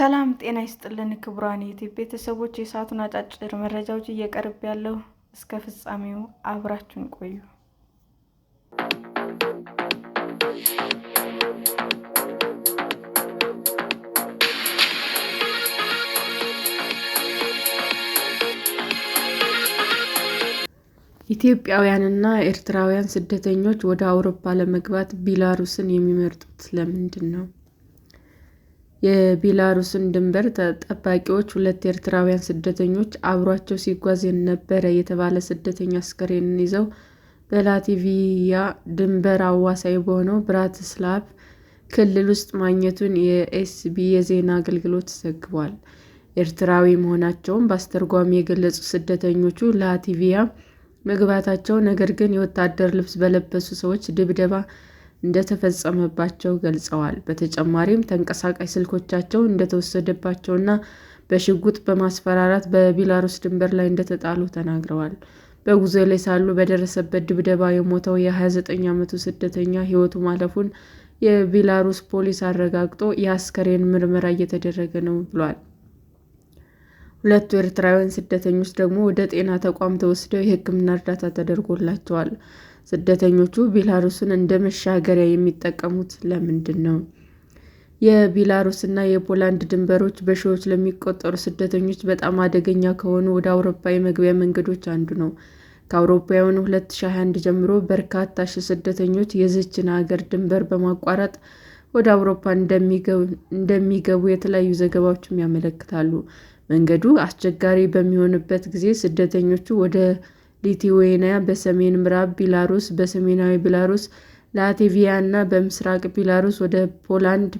ሰላም ጤና ይስጥልን ክቡራን ዩቲዩብ ቤተሰቦች፣ የሰዓቱን አጫጭር መረጃዎች እየቀርብ ያለው እስከ ፍጻሜው አብራችሁን ቆዩ። ኢትዮጵያውያንና ኤርትራውያን ስደተኞች ወደ አውሮፓ ለመግባት ቤላሩስን የሚመርጡት ለምንድን ነው? የቤላሩስን ድንበር ጠባቂዎች ሁለት ኤርትራውያን ስደተኞች አብሯቸው ሲጓዝ ነበረ የተባለ ስደተኛ አስከሬንን ይዘው በላቲቪያ ድንበር አዋሳኝ በሆነው ብራትስላቭ ክልል ውስጥ ማግኘቱን የኤስቢ የዜና አገልግሎት ዘግቧል። ኤርትራዊ መሆናቸውን በአስተርጓሚ የገለጹ ስደተኞቹ ላቲቪያ መግባታቸው ነገር ግን የወታደር ልብስ በለበሱ ሰዎች ድብደባ እንደተፈጸመባቸው ገልጸዋል። በተጨማሪም ተንቀሳቃሽ ስልኮቻቸው እንደተወሰደባቸውና በሽጉጥ በማስፈራራት በቤላሩስ ድንበር ላይ እንደተጣሉ ተናግረዋል። በጉዞ ላይ ሳሉ በደረሰበት ድብደባ የሞተው የ29 ዓመቱ ስደተኛ ሕይወቱ ማለፉን የቤላሩስ ፖሊስ አረጋግጦ የአስከሬን ምርመራ እየተደረገ ነው ብሏል። ሁለቱ ኤርትራውያን ስደተኞች ደግሞ ወደ ጤና ተቋም ተወስደው የሕክምና እርዳታ ተደርጎላቸዋል። ስደተኞቹ ቤላሩስን እንደ መሻገሪያ የሚጠቀሙት ለምንድን ነው? የቤላሩስና የፖላንድ ድንበሮች በሺዎች ለሚቆጠሩ ስደተኞች በጣም አደገኛ ከሆኑ ወደ አውሮፓ የመግቢያ መንገዶች አንዱ ነው። ከአውሮፓውያኑ 2021 ጀምሮ በርካታ ሺህ ስደተኞች የዚችን ሀገር ድንበር በማቋረጥ ወደ አውሮፓ እንደሚገቡ የተለያዩ ዘገባዎችም ያመለክታሉ። መንገዱ አስቸጋሪ በሚሆንበት ጊዜ ስደተኞቹ ወደ ሊትዌኒያ፣ በሰሜን ምዕራብ ቤላሩስ፣ በሰሜናዊ ቤላሩስ፣ ላትቪያ እና በምስራቅ ቤላሩስ ወደ ፖላንድ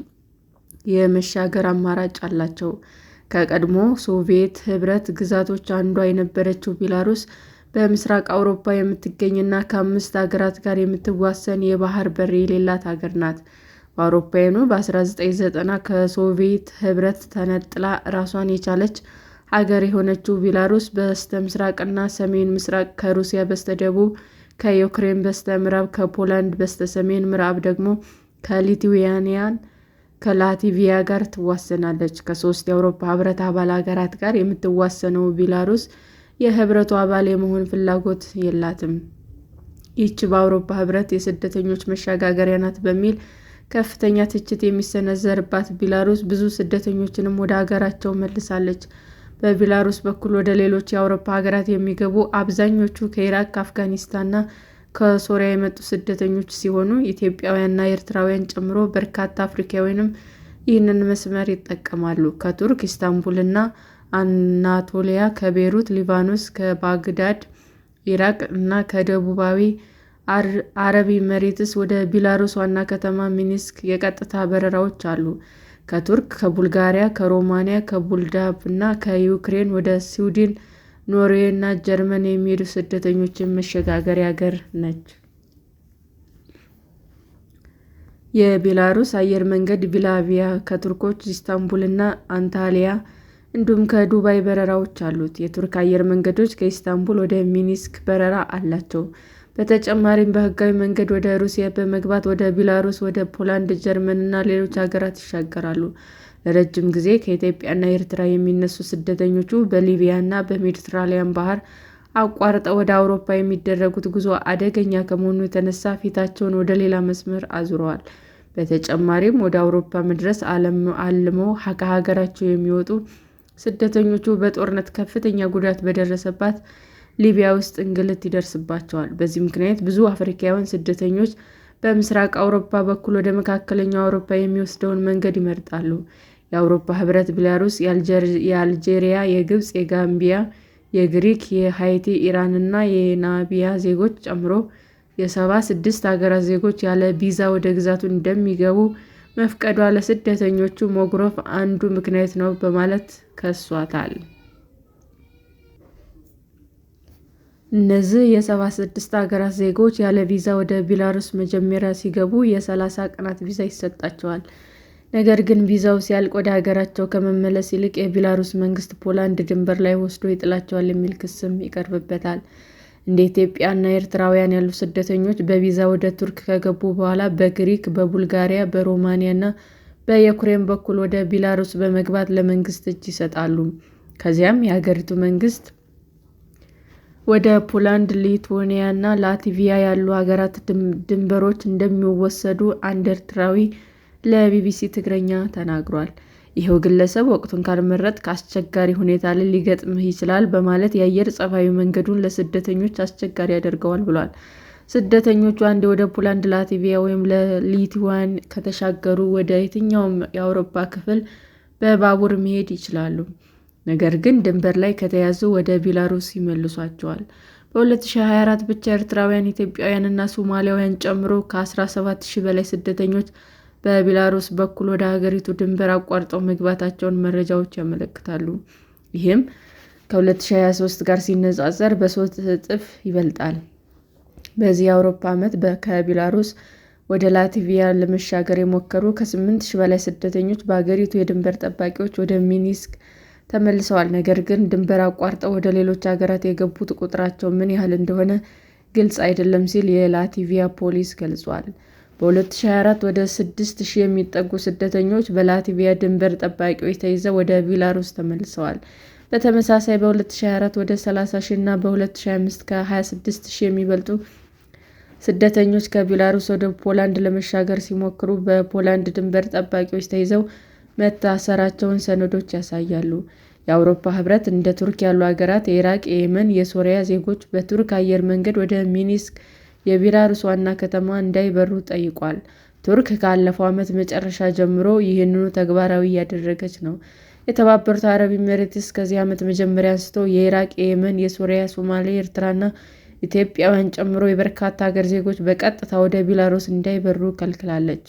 የመሻገር አማራጭ አላቸው። ከቀድሞ ሶቪየት ህብረት ግዛቶች አንዷ የነበረችው ቤላሩስ በምስራቅ አውሮፓ የምትገኝና ከአምስት ሀገራት ጋር የምትዋሰን የባህር በር የሌላት ሀገር ናት። በአውሮፓውያኑ በ1990 ከሶቪየት ህብረት ተነጥላ ራሷን የቻለች ሀገር የሆነችው ቤላሩስ በስተ ምስራቅና ሰሜን ምስራቅ ከሩሲያ በስተ ደቡብ ከዩክሬን በስተ ምዕራብ ከፖላንድ በስተ ሰሜን ምዕራብ ደግሞ ከሊቱዌኒያን ከላቲቪያ ጋር ትዋሰናለች። ከሶስት የአውሮፓ ህብረት አባል ሀገራት ጋር የምትዋሰነው ቤላሩስ የህብረቱ አባል የመሆን ፍላጎት የላትም። ይህች በአውሮፓ ህብረት የስደተኞች መሸጋገሪያ ናት በሚል ከፍተኛ ትችት የሚሰነዘርባት ቤላሩስ ብዙ ስደተኞችንም ወደ ሀገራቸው መልሳለች። በቤላሩስ በኩል ወደ ሌሎች የአውሮፓ ሀገራት የሚገቡ አብዛኞቹ ከኢራቅ፣ ከአፍጋኒስታንና ከሶሪያ የመጡ ስደተኞች ሲሆኑ ኢትዮጵያውያንና ኤርትራውያን ጨምሮ በርካታ አፍሪካውያንም ይህንን መስመር ይጠቀማሉ። ከቱርክ ኢስታንቡልና አናቶሊያ፣ ከቤሩት፣ ሊባኖስ፣ ከባግዳድ ኢራቅ እና ከደቡባዊ አረብ ኤሚሬትስ ወደ ቤላሩስ ዋና ከተማ ሚንስክ የቀጥታ በረራዎች አሉ። ከቱርክ፣ ከቡልጋሪያ፣ ከሮማንያ፣ ከቡልዳብ እና ከዩክሬን ወደ ስዊድን፣ ኖርዌይ እና ጀርመን የሚሄዱ ስደተኞችን መሸጋገሪያ አገር ነች። የቤላሩስ አየር መንገድ ቢላቪያ ከቱርኮች ኢስታንቡል እና አንታሊያ እንዲሁም ከዱባይ በረራዎች አሉት። የቱርክ አየር መንገዶች ከኢስታንቡል ወደ ሚኒስክ በረራ አላቸው። በተጨማሪም በህጋዊ መንገድ ወደ ሩሲያ በመግባት ወደ ቤላሩስ፣ ወደ ፖላንድ፣ ጀርመን እና ሌሎች ሀገራት ይሻገራሉ። ለረጅም ጊዜ ከኢትዮጵያና ኤርትራ የሚነሱ በሊቢያ በሊቢያና በሜዲትራኒያን ባህር አቋርጠው ወደ አውሮፓ የሚደረጉት ጉዞ አደገኛ ከመሆኑ የተነሳ ፊታቸውን ወደ ሌላ መስመር አዙረዋል። በተጨማሪም ወደ አውሮፓ መድረስ አልመው ከሀገራቸው የሚወጡ ስደተኞቹ በጦርነት ከፍተኛ ጉዳት በደረሰባት ሊቢያ ውስጥ እንግልት ይደርስባቸዋል። በዚህ ምክንያት ብዙ አፍሪካውያን ስደተኞች በምስራቅ አውሮፓ በኩል ወደ መካከለኛው አውሮፓ የሚወስደውን መንገድ ይመርጣሉ። የአውሮፓ ህብረት ቤላሩስ፣ የአልጄሪያ፣ የግብፅ፣ የጋምቢያ፣ የግሪክ፣ የሃይቲ፣ ኢራን እና የናሚቢያ ዜጎች ጨምሮ የሰባ ስድስት ሀገራት ዜጎች ያለ ቪዛ ወደ ግዛቱ እንደሚገቡ መፍቀዷ ለስደተኞቹ መጉረፍ አንዱ ምክንያት ነው በማለት ከሷታል። እነዚህ የ76 ሀገራት ዜጎች ያለ ቪዛ ወደ ቤላሩስ መጀመሪያ ሲገቡ የ30 ቀናት ቪዛ ይሰጣቸዋል። ነገር ግን ቪዛው ሲያልቅ ወደ ሀገራቸው ከመመለስ ይልቅ የቤላሩስ መንግስት ፖላንድ ድንበር ላይ ወስዶ ይጥላቸዋል የሚል ክስም ይቀርብበታል። እንደ ኢትዮጵያና ኤርትራውያን ያሉ ስደተኞች በቪዛ ወደ ቱርክ ከገቡ በኋላ በግሪክ፣ በቡልጋሪያ፣ በሮማንያ እና በዩክሬን በኩል ወደ ቤላሩስ በመግባት ለመንግስት እጅ ይሰጣሉ። ከዚያም የሀገሪቱ መንግስት። ወደ ፖላንድ፣ ሊትዌኒያ እና ላትቪያ ያሉ ሀገራት ድንበሮች እንደሚወሰዱ አንድ ኤርትራዊ ለቢቢሲ ትግረኛ ተናግሯል። ይኸው ግለሰብ ወቅቱን ካልመረጥ ከአስቸጋሪ ሁኔታ ላይ ሊገጥምህ ይችላል በማለት የአየር ጸባዩ መንገዱን ለስደተኞች አስቸጋሪ ያደርገዋል ብሏል። ስደተኞቹ አንዴ ወደ ፖላንድ፣ ላትቪያ ወይም ሊትዌኒያ ከተሻገሩ ወደ የትኛውም የአውሮፓ ክፍል በባቡር መሄድ ይችላሉ። ነገር ግን ድንበር ላይ ከተያዙ ወደ ቤላሩስ ይመልሷቸዋል። በ2024 ብቻ ኤርትራውያን፣ ኢትዮጵያውያንና ሶማሊያውያን ጨምሮ ከ17,000 በላይ ስደተኞች በቤላሩስ በኩል ወደ ሀገሪቱ ድንበር አቋርጠው መግባታቸውን መረጃዎች ያመለክታሉ። ይህም ከ2023 ጋር ሲነጻጸር በሦስት እጥፍ ይበልጣል። በዚህ የአውሮፓ ዓመት ከቤላሩስ ወደ ላትቪያ ለመሻገር የሞከሩ ከ8,000 በላይ ስደተኞች በሀገሪቱ የድንበር ጠባቂዎች ወደ ሚንስክ ተመልሰዋል። ነገር ግን ድንበር አቋርጠው ወደ ሌሎች ሀገራት የገቡት ቁጥራቸው ምን ያህል እንደሆነ ግልጽ አይደለም ሲል የላቲቪያ ፖሊስ ገልጿል። በ2024 ወደ 6,000 የሚጠጉ ስደተኞች በላቲቪያ ድንበር ጠባቂዎች ተይዘው ወደ ቤላሩስ ተመልሰዋል። በተመሳሳይ በ2024 ወደ 30,000 እና በ2025 ከ26,000 የሚበልጡ ስደተኞች ከቤላሩስ ወደ ፖላንድ ለመሻገር ሲሞክሩ በፖላንድ ድንበር ጠባቂዎች ተይዘው መታሰራቸውን ሰነዶች ያሳያሉ። የአውሮፓ ህብረት እንደ ቱርክ ያሉ አገራት የኢራቅ፣ የየመን፣ የሶሪያ ዜጎች በቱርክ አየር መንገድ ወደ ሚንስክ የቤላሩስ ዋና ከተማ እንዳይበሩ ጠይቋል። ቱርክ ካለፈው ዓመት መጨረሻ ጀምሮ ይህንኑ ተግባራዊ እያደረገች ነው። የተባበሩት አረብ ኤሚሬትስ ከዚህ ዓመት መጀመሪያ አንስቶ የኢራቅ፣ የየመን፣ የሶሪያ፣ ሶማሌ፣ ኤርትራና ኢትዮጵያውያን ጨምሮ የበርካታ ሀገር ዜጎች በቀጥታ ወደ ቤላሩስ እንዳይበሩ ከልክላለች።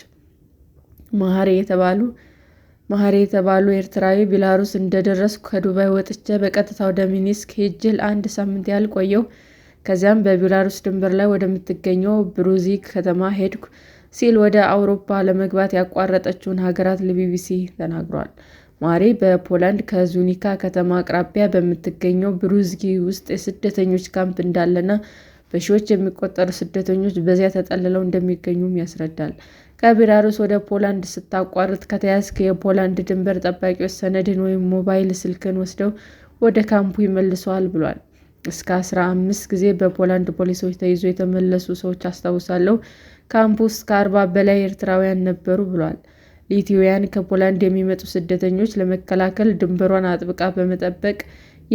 መሀሪ የተባሉ ማህሬ የተባሉ ኤርትራዊ ቤላሩስ እንደደረስኩ ከዱባይ ወጥቼ በቀጥታ ወደ ሚኒስክ ሄጄ ለአንድ ሳምንት ያህል ቆየሁ። ከዚያም በቤላሩስ ድንበር ላይ ወደምትገኘው ብሩዚክ ከተማ ሄድኩ ሲል ወደ አውሮፓ ለመግባት ያቋረጠችውን ሀገራት ለቢቢሲ ተናግሯል። ማህሬ በፖላንድ ከዙኒካ ከተማ አቅራቢያ በምትገኘው ብሩዝጊ ውስጥ የስደተኞች ካምፕ እንዳለና በሺዎች የሚቆጠሩ ስደተኞች በዚያ ተጠልለው እንደሚገኙም ያስረዳል። ከቤላሩስ ወደ ፖላንድ ስታቋርጥ ከተያዝክ የፖላንድ ድንበር ጠባቂዎች ሰነድን ወይም ሞባይል ስልክን ወስደው ወደ ካምፑ ይመልሰዋል ብሏል። እስከ አስራ አምስት ጊዜ በፖላንድ ፖሊሶች ተይዞ የተመለሱ ሰዎች አስታውሳለሁ። ካምፕ ውስጥ ከአርባ በላይ ኤርትራውያን ነበሩ ብሏል። ሊትዌያን ከፖላንድ የሚመጡ ስደተኞች ለመከላከል ድንበሯን አጥብቃ በመጠበቅ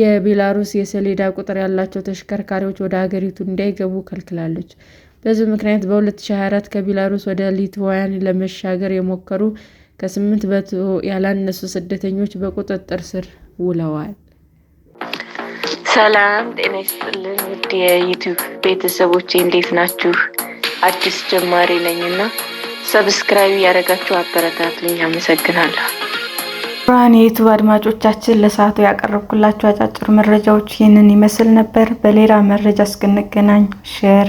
የቤላሩስ የሰሌዳ ቁጥር ያላቸው ተሽከርካሪዎች ወደ አገሪቱ እንዳይገቡ ከልክላለች። በዚህ ምክንያት በ2024 ከቤላሩስ ወደ ሊትዋያን ለመሻገር የሞከሩ ከስምንት በቶ ያላነሱ ስደተኞች በቁጥጥር ስር ውለዋል። ሰላም ጤና ይስጥልን ውድ የዩቱብ ቤተሰቦች እንዴት ናችሁ? አዲስ ጀማሪ ነኝና ሰብስክራይብ ያደረጋችሁ አበረታቱኝ። አመሰግናለሁ። ብርሃን የዩቱብ አድማጮቻችን ለሰዓቱ ያቀረብኩላችሁ አጫጭር መረጃዎች ይህንን ይመስል ነበር። በሌላ መረጃ እስክንገናኝ ሼር